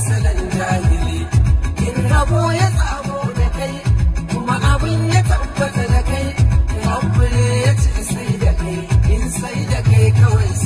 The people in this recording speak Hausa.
salon jahili in rabo ya tsamo da kai kuma abin ya tabbata da kai in ya ce sai da kai in sai da kai kawai